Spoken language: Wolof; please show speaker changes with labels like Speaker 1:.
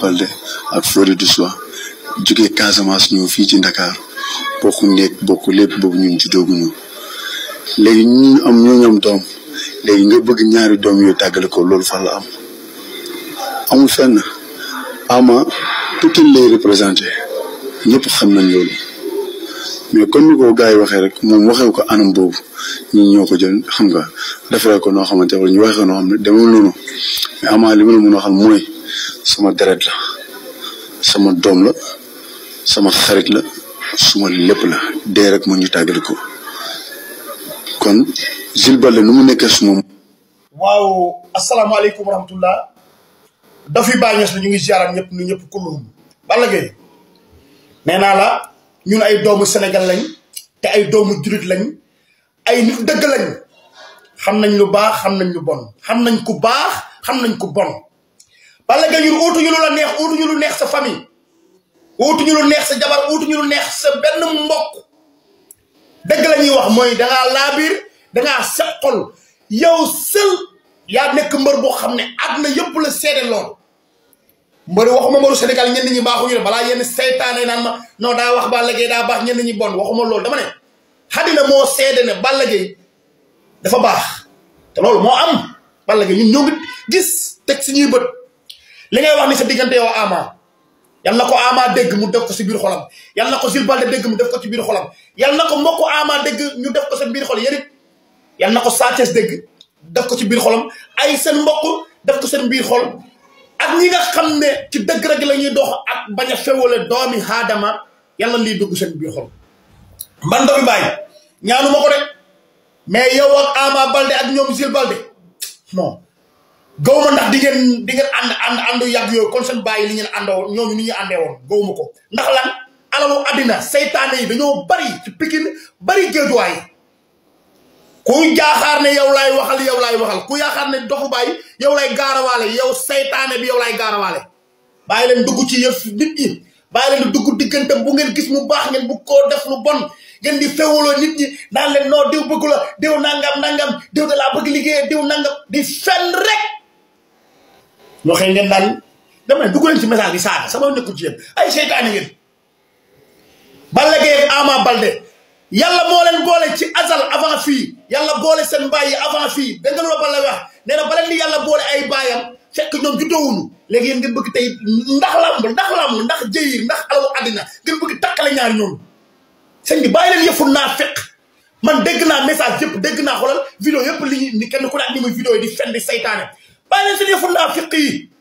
Speaker 1: Balde ak fori du Soie jógee Casamance ñëw fii ci Ndakaar bokku nekk bokku lépp boobu ñun juddooguñu léegi ñu am ñoo ñoom doom léegi nga bëgg ñaari doom yooyu tàggale ko loolu fan la am amul fenn ama Pikine lay représenté ñëpp xam nañ loolu mais kon ni ko gars yi waxee rek moom waxee ko anam boobu ñun ñoo ko jël xam nga defaree ko noo xamante wala ñu waxee ko noo xam ne demul noonu mais ama li ma la mën a xam mooy sama deret la sama doom la sama xarit la suma lépp la dee rek moo ñu tàggal ko kon Jules Baldé nu mu nekkee suma
Speaker 2: waaw asalaamaaleykum wa rahmatullah dafi bàññees la ñu ngi ziaraat ñëpp nu ñëpp kulluhum Balla Gaye nee naa la ñun ay doomu Sénégal lañ te ay doomu jurit lañ ay nit dëgg lañ xam nañ lu baax xam nañ lu bon xam nañ ku baax xam nañ ku bon Balla Gaye ñun uutuñu lu la neex uutuñu lu neex sa famille uutuñu lu neex sa jabar uutuñu lu neex sa benn mbokk dëgg la ñuy wax mooy dangaa laabiir dangaa set xol yow sël yaa nekk mbër boo xam ne na yëpp la seede lool mbëri waxuma mbëru Sénégal ñenn ñi baaxuñu ne balaa yenn seytaane naan ma non daa wax Balla Gaye daa baax ñenn ñi bon waxuma loolu dama ne xadina moo seede ne Balla Gaye dafa baax te loolu moo am Balla Gaye ñun ñoo ngi gis teg suñuy bët li ngay wax ni sa diggante yow Ama yal na ko Ama dégg mu def ko si biir xolam yal na ko Jules Baldé dégg mu def ko ci biir xolam yal na ko mbokku Ama dégg ñu def ko sa biir xol yal na ko Sa dégg def ko ci biir xolam ay seen mbokk def ko seen biir xol ak ñi nga xam ne ci dëgg rek la ñuy dox ak bañ a fewale doomi haadama yàlla lii dugg seen biir xol man Ndoye Mbaye ñaanu ma ko de mais yow ak Ama Baldé ak ñoom Jules Baldé non gawuma ndax di ngeen di ngeen and and andu yag yoy kon sen bayyi li ngeen ando ñoom ni ñu andé won gawuma ko ndax lan alamu adina setan yi dañoo bari ci pikin bari geeduwaay ku jaaxar ne yow lay waxal yow lay waxal ku yaakaar ne doxu bay yow lay garawale yow seytaane bi yow lay garawale bàyyi len dugg ci yëf nit yi bàyyi len dugg diggante bu ngeen gis mu baax ngeen bu ko def lu bon ngeen di fewaloo nit ñi naan len no diw bëggu diw nangam nangam diw da la bëgg diw nangam di fen rek ñoo xëy ngeen daal dama ne dugg leen ci message bi saaga sama nekku ci yéen ay seytaane ngeen Balla Gaye ak Ama Baldé yàlla moo leen boole ci azal avant fii yàlla boole seen bàyyi avant fii dégg nga loolu la wax nee na ba yàlla boole ay baayam fekk ñoom juddoowuñu léegi yéen ngeen bëgg tey ndax làmb ndax làmb ndax jëyir ndax alawu àddina ngeen bëgg takkale ñaari ñoom sëñ bi bàyyi leen yëfu naa fekk man dégg naa message yëpp dégg naa xoolal vidéo yëpp li ñu ni kenn ku ne ak ni ما لازم يخلى فقيه